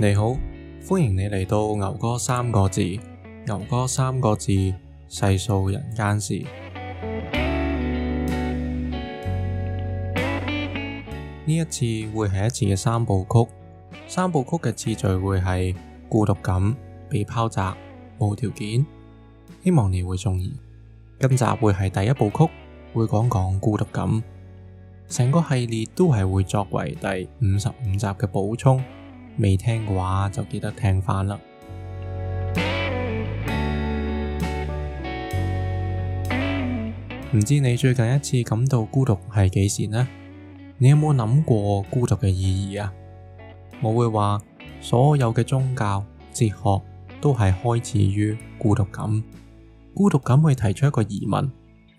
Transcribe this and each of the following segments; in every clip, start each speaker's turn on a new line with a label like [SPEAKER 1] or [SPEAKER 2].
[SPEAKER 1] 你好，歡迎你嚟到牛哥三個字。牛哥三個字，細數人間事。呢一次會係一次嘅三部曲，三部曲嘅次序會係孤獨感、被拋擲、無條件。希望你會鍾意。今集會係第一部曲，會講講孤獨感。成個系列都係會作為第五十五集嘅補充。未聽嘅話就記得聽返啦。唔知你最近一次感到孤獨係幾時呢？你有冇諗過孤獨嘅意義啊？我會話所有嘅宗教、哲學都係開始於孤獨感。孤獨感會提出一個疑問，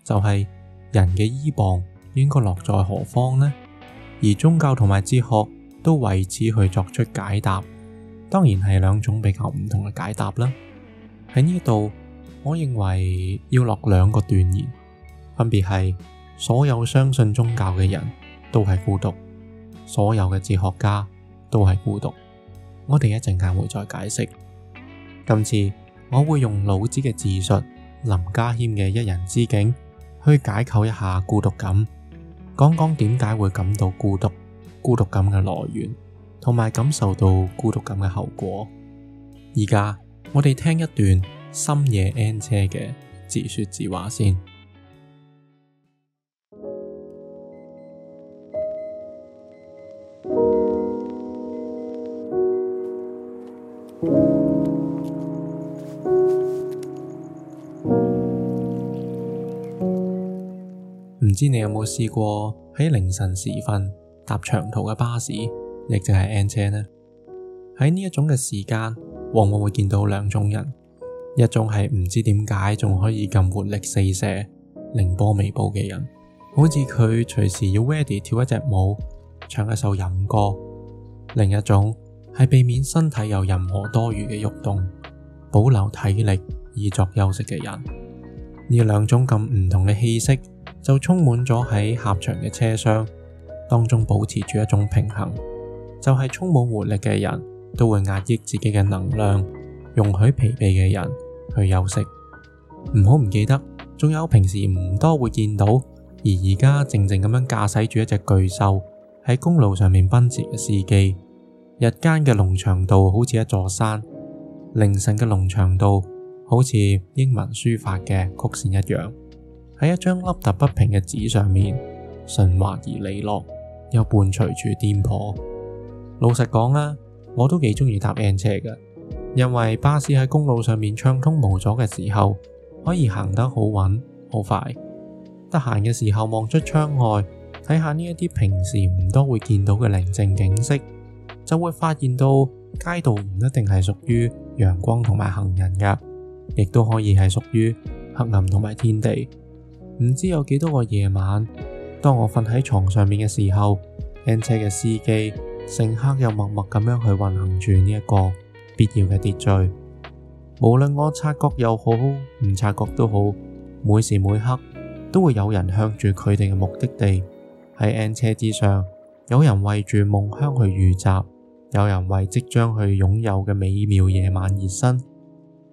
[SPEAKER 1] 就係人嘅依傍應該落在何方呢？而宗教同埋哲學。都為此去作出解答，當然係兩種比較唔同嘅解答啦。喺呢度，我認為要落兩個斷言，分別係所有相信宗教嘅人都係孤獨，所有嘅哲學家都係孤獨。我哋一陣間會再解釋。今次我會用老子嘅自述、林家謙嘅一人之境去解構一下孤獨感，講講點解會感到孤獨。孤獨感嘅來源，同埋感受到孤獨感嘅後果。而家我哋聽一段深夜 N 車嘅自說自話先。唔知你有冇試過喺凌晨時分，搭長途嘅巴士，亦就係 N 車呢。喺呢一種嘅時間，往往會見到兩種人：一種係唔知點解仲可以咁活力四射、凌波微步嘅人，好似佢隨時要 ready 跳一隻舞、唱一首飲歌；另一種係避免身體有任何多餘嘅喐動，保留體力以作休息嘅人。呢兩種咁唔同嘅氣息，就充滿咗喺狹長嘅車廂。當中保持住一種平衡，就係、是、充滿活力嘅人都會壓抑自己嘅能量，容許疲憊嘅人去休息。唔好唔記得，仲有平時唔多會見到，而而家靜靜咁樣駕駛住一隻巨獸喺公路上面奔馳嘅司機。日間嘅農場道好似一座山，凌晨嘅農場道好似英文書法嘅曲線一樣，喺一張凹凸不平嘅紙上面，順滑而利落。又伴隨住顛簸。老實講啦，我都幾中意搭 N 車嘅，因為巴士喺公路上面暢通無阻嘅時候，可以行得好穩、好快。得閒嘅時候望出窗外，睇下呢一啲平時唔多會見到嘅寧靜景色，就會發現到街道唔一定係屬於陽光同埋行人嘅，亦都可以係屬於黑暗同埋天地。唔知有幾多個夜晚，當我瞓喺床上面嘅時候，N 車嘅司機乘客又默默咁樣去運行住呢一個必要嘅秩序。無論我察覺又好唔察覺都好，每時每刻都會有人向住佢哋嘅目的地喺 N 車之上。有人為住夢鄉去預習，有人為即將去擁有嘅美妙夜晚熱身。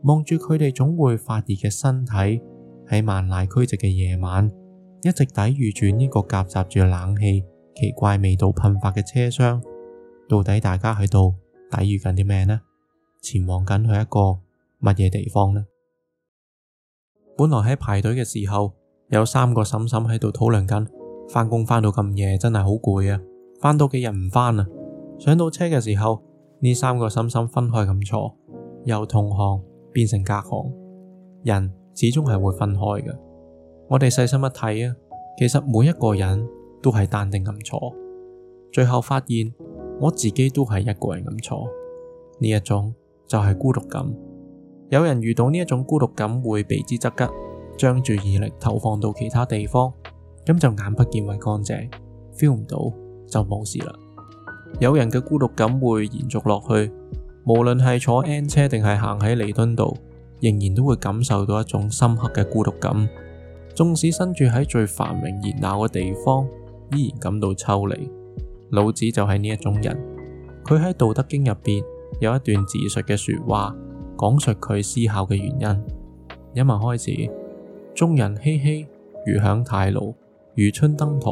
[SPEAKER 1] 望住佢哋總會發熱嘅身體喺萬籟俱寂嘅夜晚。一直抵御住呢個夾雜住冷氣、奇怪味道噴發嘅車廂，到底大家喺度抵御緊啲咩呢？前往緊去一個乜嘢地方呢？本來喺排隊嘅時候，有三個嬸嬸喺度討論緊，翻工翻到咁夜真係好攰啊！翻到幾日唔翻啦。上到車嘅時候，呢三個嬸嬸分開咁坐，由同行變成隔行，人始終係會分開嘅。我哋細心一睇啊，其實每一個人都係淡定咁坐，最後發現我自己都係一個人咁坐，呢一種就係孤獨感。有人遇到呢一種孤獨感會避之則吉，將注意力投放到其他地方，咁就眼不見為乾淨，feel 唔到就冇事啦。有人嘅孤獨感會延續落去，無論係坐 N 車定係行喺彌敦道，仍然都會感受到一種深刻嘅孤獨感。縱使身處喺最繁榮熱鬧嘅地方，依然感到抽離。老子就係呢一種人。佢喺《道德經》入邊有一段自述嘅說話，講述佢思考嘅原因。一文開始，眾人熙熙，如享太牢，如春登台。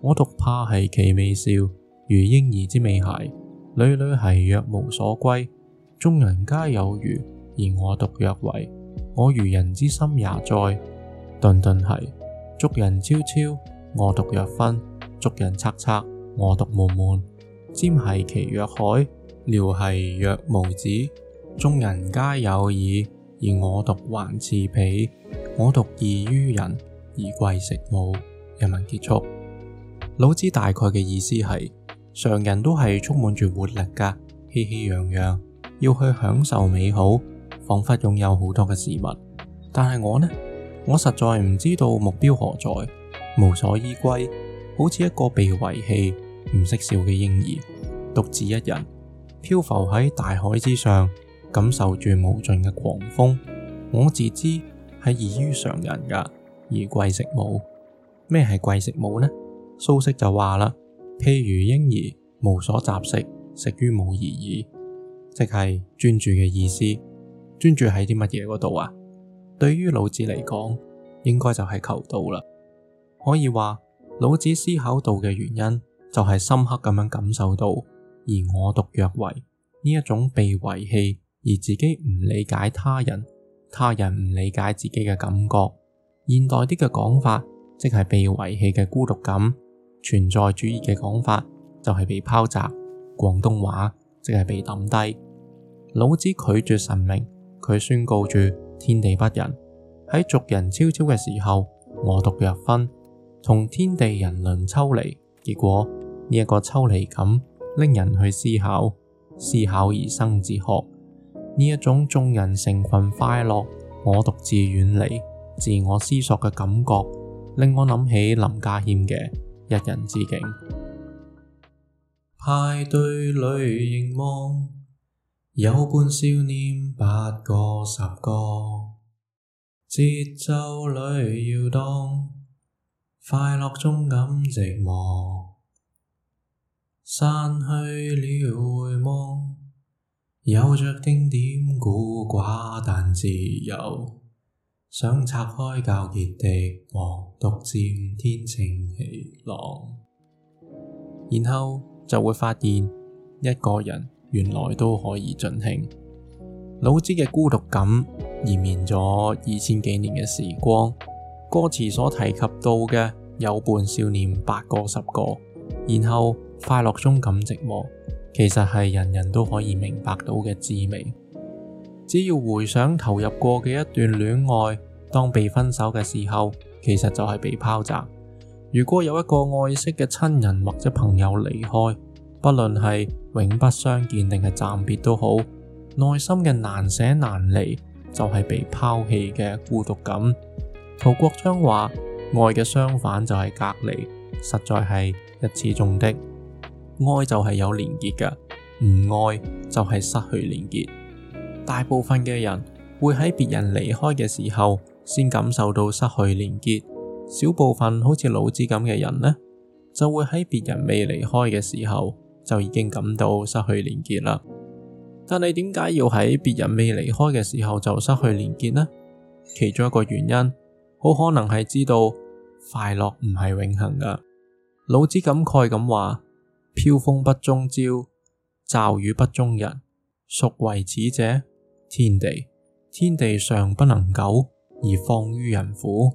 [SPEAKER 1] 我獨泊兮其未兆，如嬰兒之未孩，女女兮若無所歸。眾人皆有餘，而我獨若遺。我愚人之心也哉。頓頓係俗人悄悄，我獨若昏；俗人察察，我獨悶悶。尖係其若海，尿係若無止。眾人皆有矣，而我獨頑似鄙。我獨異於人，而貴食母。引文結束。老子大概嘅意思係，常人都係充滿住活力㗎，熙熙攘攘，要去享受美好，仿佛擁有好多嘅事物，但係我呢？我實在唔知道目標何在，無所依歸，好似一個被遺棄、唔識笑嘅嬰兒，獨自一人漂浮喺大海之上，感受住無盡嘅狂風。我自知係異於常人噶，而貴食母，咩係貴食母呢？蘇軾就話啦，譬如嬰兒無所雜食，食於母而已，即係專注嘅意思。專注喺啲乜嘢嗰度啊？對於老子嚟講，應該就係求道啦。可以話，老子思考道嘅原因就係深刻咁樣感受到。而我獨若遺呢一種被遺棄而自己唔理解他人，他人唔理解自己嘅感覺。現代啲嘅講法，即係被遺棄嘅孤獨感。存在主義嘅講法就係被拋擲。廣東話即係被抌低。老子拒絕神明，佢宣告住。天地不仁，喺俗人昭昭嘅時候，我獨昏昏，同天地人倫抽離。結果呢一個抽離感，令人去思考，思考而生哲學。呢一種眾人成群快樂，我獨自遠離，自我思索嘅感覺，令我諗起林家謙嘅一人之境。派對裏凝望，有伴消遣，八個十個，節奏裏搖擺，快樂中感寂寞，散去了回望，有着丁點孤寡，但自由，想拆開糾結的網，獨佔天清氣朗，然後就會發現一個人。原來都可以盡興。老子嘅孤獨感延綿咗二千幾年嘅時光。歌詞所提及到嘅有伴少年八個十個，然後快樂中感寂寞，其實係人人都可以明白到嘅滋味。只要回想投入過嘅一段戀愛，當被分手嘅時候，其實就係被拋擲。如果有一個愛惜嘅親人或者朋友離開，不論係。永不相見定係暫別都好，內心嘅難捨難離就係被拋棄嘅孤獨感。陶國昌話：愛嘅相反就係隔離，實在係一次中的。愛就係有連結噶，唔愛就係失去連結。大部分嘅人會喺別人離開嘅時候先感受到失去連結，小部分好似老子咁嘅人呢，就會喺別人未離開嘅時候。就已經感到失去連結啦。但你點解要喺別人未離開嘅時候就失去連結呢？其中一個原因，好可能係知道快樂唔係永恒噶。老子感慨咁話：飄風不終朝，驟雨不終日。孰為此者？天地，天地尚不能久，而況於人乎？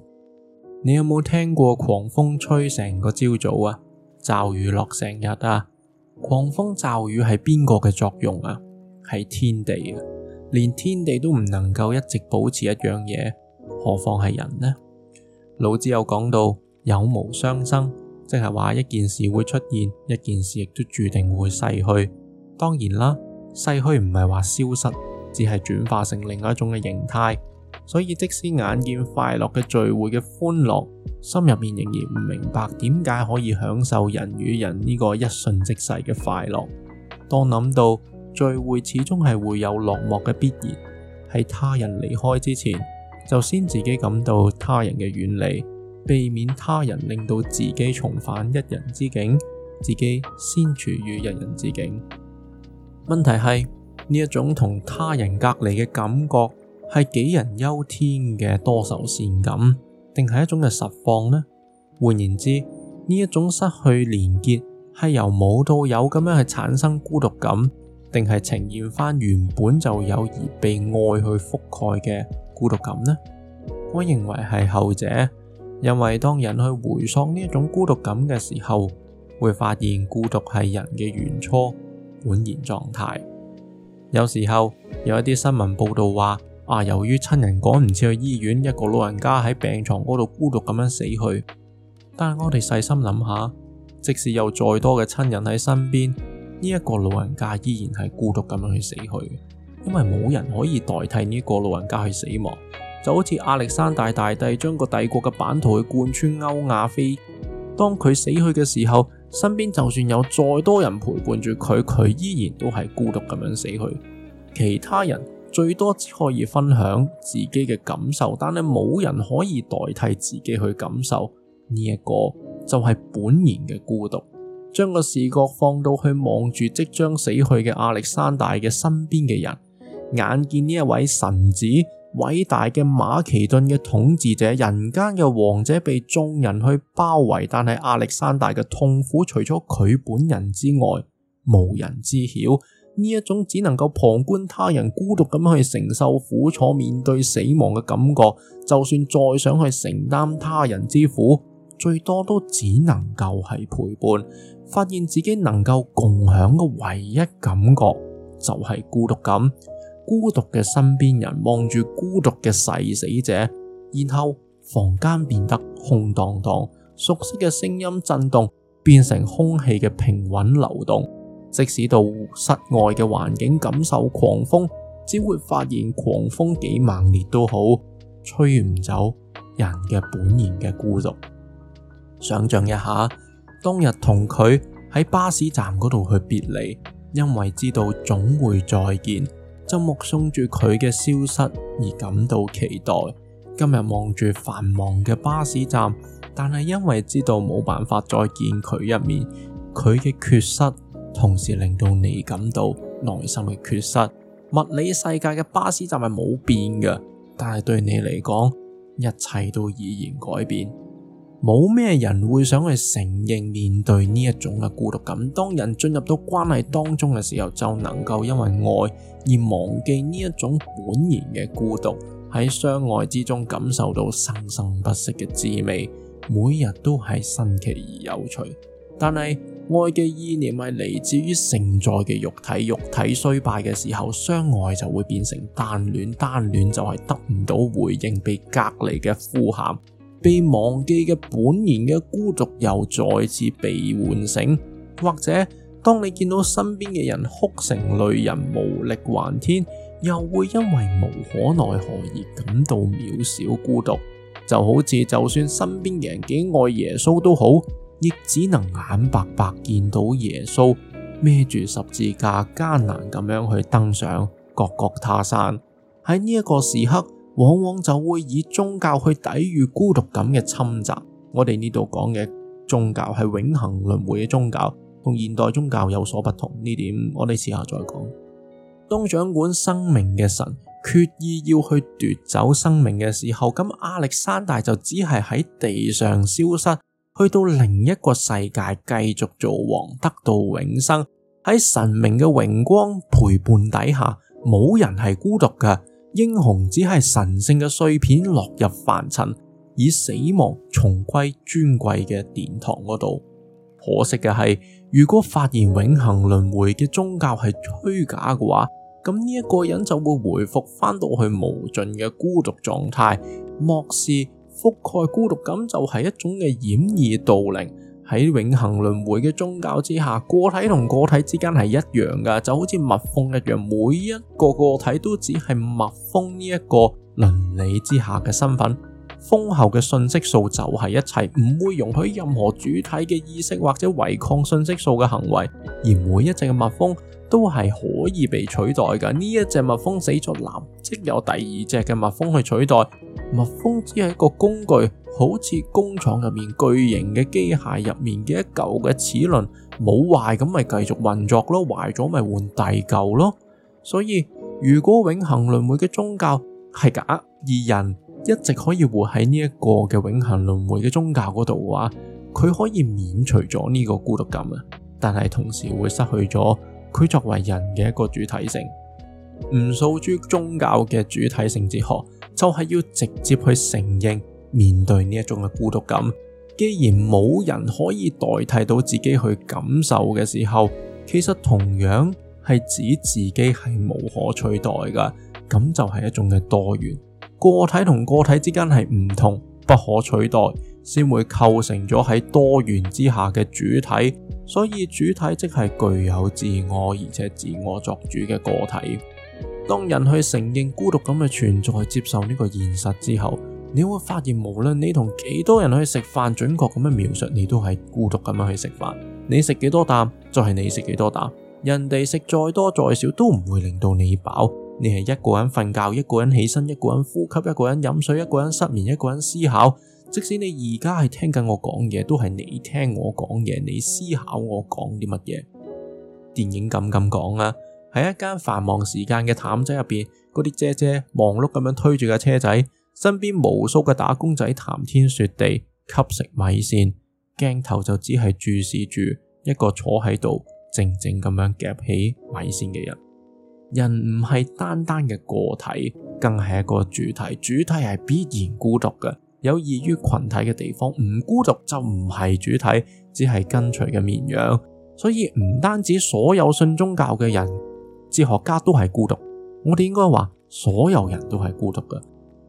[SPEAKER 1] 你有冇聽過狂風吹成個朝早啊？驟雨落成日啊？狂風驟雨係邊個嘅作用啊？係天地啊！連天地都唔能夠一直保持一樣嘢，何況係人呢？老子有講到有無相生，即係話一件事會出現，一件事亦都注定會逝去。當然啦，逝去唔係話消失，只係轉化成另外一種嘅形態。所以即使眼見快樂嘅聚會嘅歡樂。心入面仍然唔明白點解可以享受人與人呢個一瞬即逝嘅快樂，當諗到聚會始終係會有落寞嘅必然，喺他人離開之前，就先自己感到他人嘅遠離，避免他人令到自己重返一人之境，自己先處於一人之境。問題係呢一種同他人隔離嘅感覺，係杞人憂天嘅多愁善感，定係一種嘅實況呢？換言之，呢一種失去連結係由冇到有咁樣去產生孤獨感，定係呈現翻原本就有而被愛去覆蓋嘅孤獨感呢？我認為係後者，因為當人去回溯呢一種孤獨感嘅時候，會發現孤獨係人嘅原初本然狀態。有時候有一啲新聞報道話。啊！由於親人趕唔切去醫院，一個老人家喺病床嗰度孤獨咁樣死去。但係我哋細心諗下，即使有再多嘅親人喺身邊，呢一個老人家依然係孤獨咁樣去死去。因為冇人可以代替呢個老人家去死亡。就好似亞歷山大大帝將個帝國嘅版圖去貫穿歐亞非，當佢死去嘅時候，身邊就算有再多人陪伴住佢，佢依然都係孤獨咁樣死去。其他人。最多只可以分享自己嘅感受，但係冇人可以代替自己去感受呢一個就係本然嘅孤獨。將個視角放到去望住即將死去嘅亞歷山大嘅身邊嘅人，眼見呢一位神子、偉大嘅馬其頓嘅統治者、人間嘅王者被眾人去包圍，但係亞歷山大嘅痛苦，除咗佢本人之外，無人知曉。呢一種只能夠旁觀他人孤獨咁去承受苦楚、面對死亡嘅感覺，就算再想去承擔他人之苦，最多都只能夠係陪伴。發現自己能夠共享嘅唯一感覺，就係孤獨感。孤獨嘅身邊人望住孤獨嘅逝死者，然後房間變得空蕩蕩，熟悉嘅聲音震動變成空氣嘅平穩流動。即使到室外嘅環境感受狂風，只會發現狂風幾猛烈都好，吹唔走人嘅本然嘅孤獨。想象一下，當日同佢喺巴士站嗰度去別離，因為知道總會再見，就目送住佢嘅消失而感到期待。今日望住繁忙嘅巴士站，但係因為知道冇辦法再見佢一面，佢嘅缺失。同時令到你感到內心嘅缺失。物理世界嘅巴士站係冇變嘅，但係對你嚟講，一切都已然改變。冇咩人會想去承認面對呢一種嘅孤獨感。當人進入到關係當中嘅時候，就能夠因為愛而忘記呢一種本然嘅孤獨。喺相愛之中感受到生生不息嘅滋味，每日都係新奇而有趣。但係。愛嘅意念係嚟自於承載嘅肉體，肉體衰敗嘅時候，相愛就會變成單戀，單戀就係得唔到回應，被隔離嘅呼喊，被忘記嘅本然嘅孤獨，又再次被喚醒。或者，當你見到身邊嘅人哭成淚人，無力還天，又會因為無可奈何而感到渺小孤獨。就好似就算身邊嘅人幾愛耶穌都好。亦只能眼白白見到耶穌孭住十字架艱難咁樣去登上各各他山。喺呢一個時刻，往往就會以宗教去抵禦孤獨感嘅侵襲。我哋呢度講嘅宗教係永恒輪迴嘅宗教，同現代宗教有所不同。呢點我哋遲下再講。當掌管生命嘅神決意要去奪走生命嘅時候，咁亞歷山大就只係喺地上消失。去到另一個世界繼續做王，得到永生。喺神明嘅榮光陪伴底下，冇人係孤獨嘅。英雄只係神聖嘅碎片落入凡塵，以死亡重歸尊貴嘅殿堂嗰度。可惜嘅係，如果發現永恆輪迴嘅宗教係虛假嘅話，咁呢一個人就會回復翻到去無盡嘅孤獨狀態，莫視。覆蓋孤獨感就係一種嘅掩耳盜鈴。喺永恒輪迴嘅宗教之下，個體同個體之間係一樣㗎，就好似蜜蜂一樣，每一個個體都只係蜜蜂呢一個倫理之下嘅身份。蜂后嘅信息素就係一切，唔會容許任何主體嘅意識或者違抗信息素嘅行為，而每一隻嘅蜜蜂，都係可以被取代嘅。呢一隻蜜蜂死咗，即有第二隻嘅蜜蜂去取代。蜜蜂只係一個工具，好似工廠入面巨型嘅機械入面嘅一舊嘅齒輪，冇壞咁咪繼續運作咯，壞咗咪換第二舊咯。所以如果永恒輪迴嘅宗教係假，而人一直可以活喺呢一個嘅永恒輪迴嘅宗教嗰度嘅話，佢可以免除咗呢個孤獨感啊，但係同時會失去咗。佢作為人嘅一個主體性，唔訴諸宗教嘅主體性哲學，就係要直接去承認面對呢一種嘅孤獨感。既然冇人可以代替到自己去感受嘅時候，其實同樣係指自己係無可取代噶。咁就係一種嘅多元，個體同個體之間係唔同，不可取代。先會構成咗喺多元之下嘅主體，所以主體即係具有自我而且自我作主嘅個體。當人去承認孤獨咁嘅存在，接受呢個現實之後，你會發現無論你同幾多人去食飯，準確咁樣描述，你都係孤獨咁樣去食飯。你食幾多啖就係你食幾多啖，人哋食再多再少都唔會令到你飽。你係一個人瞓覺，一個人起身，一個人呼吸，一個人飲水，一個人失眠，一個人思考。即使你而家係聽緊我講嘢，都係你聽我講嘢，你思考我講啲乜嘢。電影咁咁講啊，喺一間繁忙時間嘅譚仔入邊，嗰啲姐姐忙碌咁樣推住架車仔，身邊無數嘅打工仔談天說地，吸食米線，鏡頭就只係注視住一個坐喺度靜靜咁樣夾起米線嘅人。人唔係單單嘅個體，更係一個主體，主體係必然孤獨嘅。有異於群體嘅地方，唔孤獨就唔係主體，只係跟隨嘅綿羊。所以唔單止所有信宗教嘅人，哲學家都係孤獨。我哋應該話，所有人都係孤獨嘅。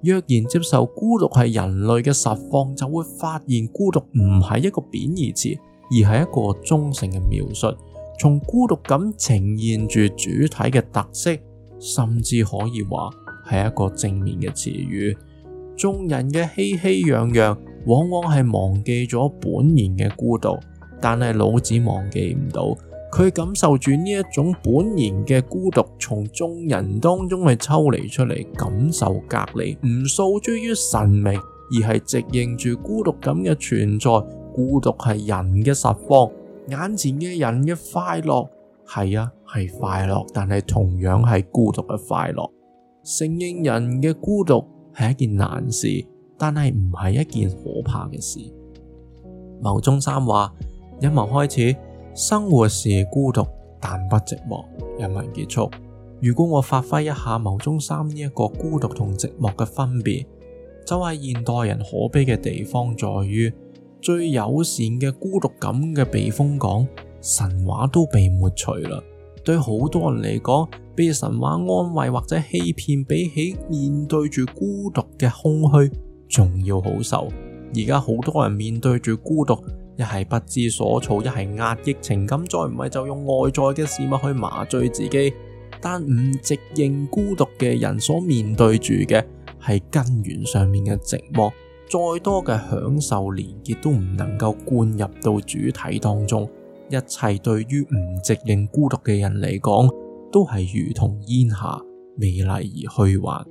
[SPEAKER 1] 若然接受孤獨係人類嘅實況，就會發現孤獨唔係一個貶義詞，而係一個中性嘅描述。從孤獨感呈現住主體嘅特色，甚至可以話係一個正面嘅詞語。眾人嘅熙熙攘攘，往往係忘記咗本然嘅孤獨，但係老子忘記唔到，佢感受住呢一種本然嘅孤獨，從眾人當中去抽離出嚟，感受隔離，唔訴諸於神明，而係直認住孤獨感嘅存在。孤獨係人嘅實況，眼前嘅人嘅快樂，係啊係快樂，但係同樣係孤獨嘅快樂，承認人嘅孤獨係一件難事，但係唔係一件可怕嘅事。牟宗三話：引文開始，生活是孤獨，但不寂寞；引文結束。如果我發揮一下牟宗三呢一個孤獨同寂寞嘅分別，就係現代人可悲嘅地方，在於最友善嘅孤獨感嘅避風港，神話都被抹除啦。對好多人嚟講，被神話安慰或者欺騙，比起面對住孤獨嘅空虛，仲要好受。而家好多人面對住孤獨，一係不知所措，一係壓抑情感，再唔係就用外在嘅事物去麻醉自己。但唔直認孤獨嘅人所面對住嘅係根源上面嘅寂寞，再多嘅享受連結都唔能夠灌入到主體當中。一切對於唔直認孤獨嘅人嚟講，都係如同煙霞，美麗而虛幻，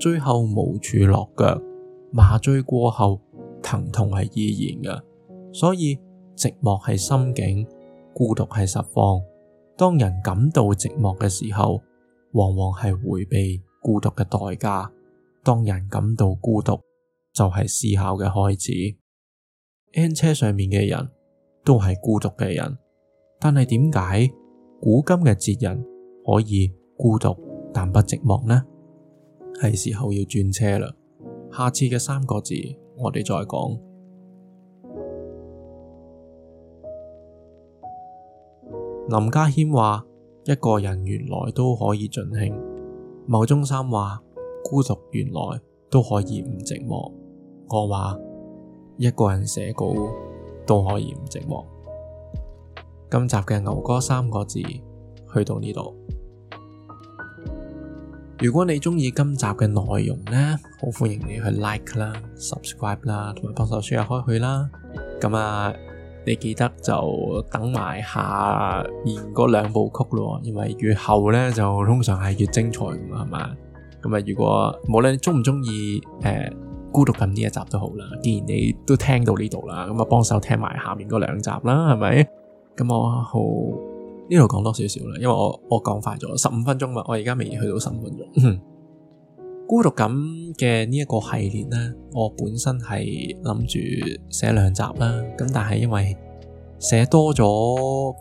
[SPEAKER 1] 最後無處落腳。麻醉過後，疼痛係依然嘅。所以，寂寞係心境，孤獨係實況。當人感到寂寞嘅時候，往往係回避孤獨嘅代價。當人感到孤獨，就係、是、思考嘅開始。N 車上面嘅人都係孤獨嘅人。但係點解古今嘅哲人可以孤獨但不寂寞呢？係時候要轉車啦！下次嘅三個字我哋再講。林家謙話：一個人原來都可以盡興。牟宗三話：孤獨原來都可以唔寂寞。我話：一個人寫稿都可以唔寂寞。今集嘅牛哥三個字去到呢度。如果你鍾意今集嘅內容呢，好歡迎你去 like 啦、subscribe 啦，同埋幫手 share 開去啦。咁、嗯、啊，你記得就等埋下完嗰兩部曲咯，因為越後咧就通常係越精彩噶嘛，係嘛？咁、嗯、啊，如果無論你鍾唔鍾意誒，孤獨感呢一集都好啦。既然你都聽到呢度啦，咁、嗯、啊，幫手聽埋下面嗰兩集啦，係咪？咁我好呢度講多少少啦，因為我我講快咗十五分鐘嘛，我而家未去到十五分鐘。孤獨感嘅呢一個系列呢，我本身係諗住寫兩集啦，咁但係因為寫多咗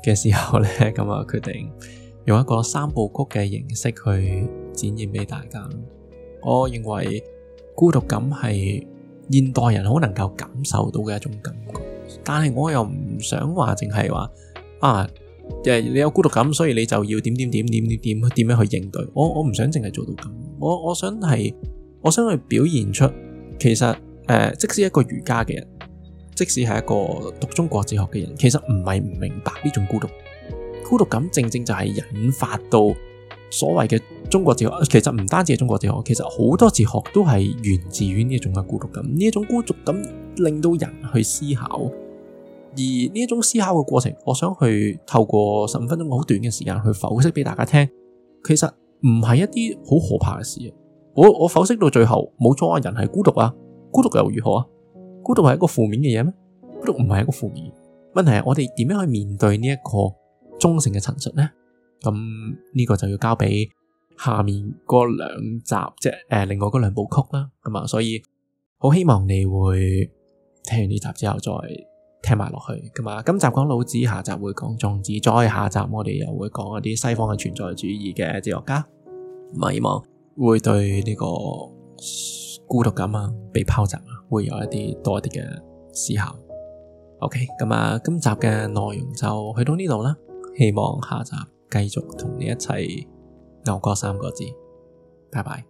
[SPEAKER 1] 嘅時候呢，咁我決定用一個三部曲嘅形式去展現俾大家。我認為孤獨感係現代人好能夠感受到嘅一種感覺，但係我又唔想話淨係話。啊，就係你有孤獨感，所以你就要點點點點點點點樣去應對。我我唔想淨係做到咁，我我想係我想去表現出其實誒、呃，即使係一個儒家嘅人，即使係一個讀中國哲學嘅人，其實唔係唔明白呢種孤獨。孤獨感正正就係引發到所謂嘅中國哲學。其實唔單止係中國哲學，其實好多哲學都係源自於呢一種嘅孤獨感。呢一種孤獨感令到人去思考。而呢一種思考嘅過程，我想去透過十五分鐘好短嘅時間去剖析俾大家聽，其實唔係一啲好可怕嘅事。我我剖析到最後冇錯啊，人係孤獨啊，孤獨又如何啊？孤獨係一個負面嘅嘢咩？孤獨唔係一個負面，問題係我哋點樣去面對呢一個忠誠嘅陳述呢？咁呢個就要交俾下面嗰兩集即係誒，另外嗰兩部曲啦。係咪，所以好希望你會聽完呢集之後再。聽埋落去，今集講老子，下集會講莊子。再下集我哋又會講一啲西方嘅存在主義嘅哲學家，希望會對呢個孤獨感啊、被拋擲啊，會有一啲多啲嘅思考。OK，咁啊，今集嘅內容就去到呢度啦。希望下集繼續同你一齊牛哥三個字，拜拜。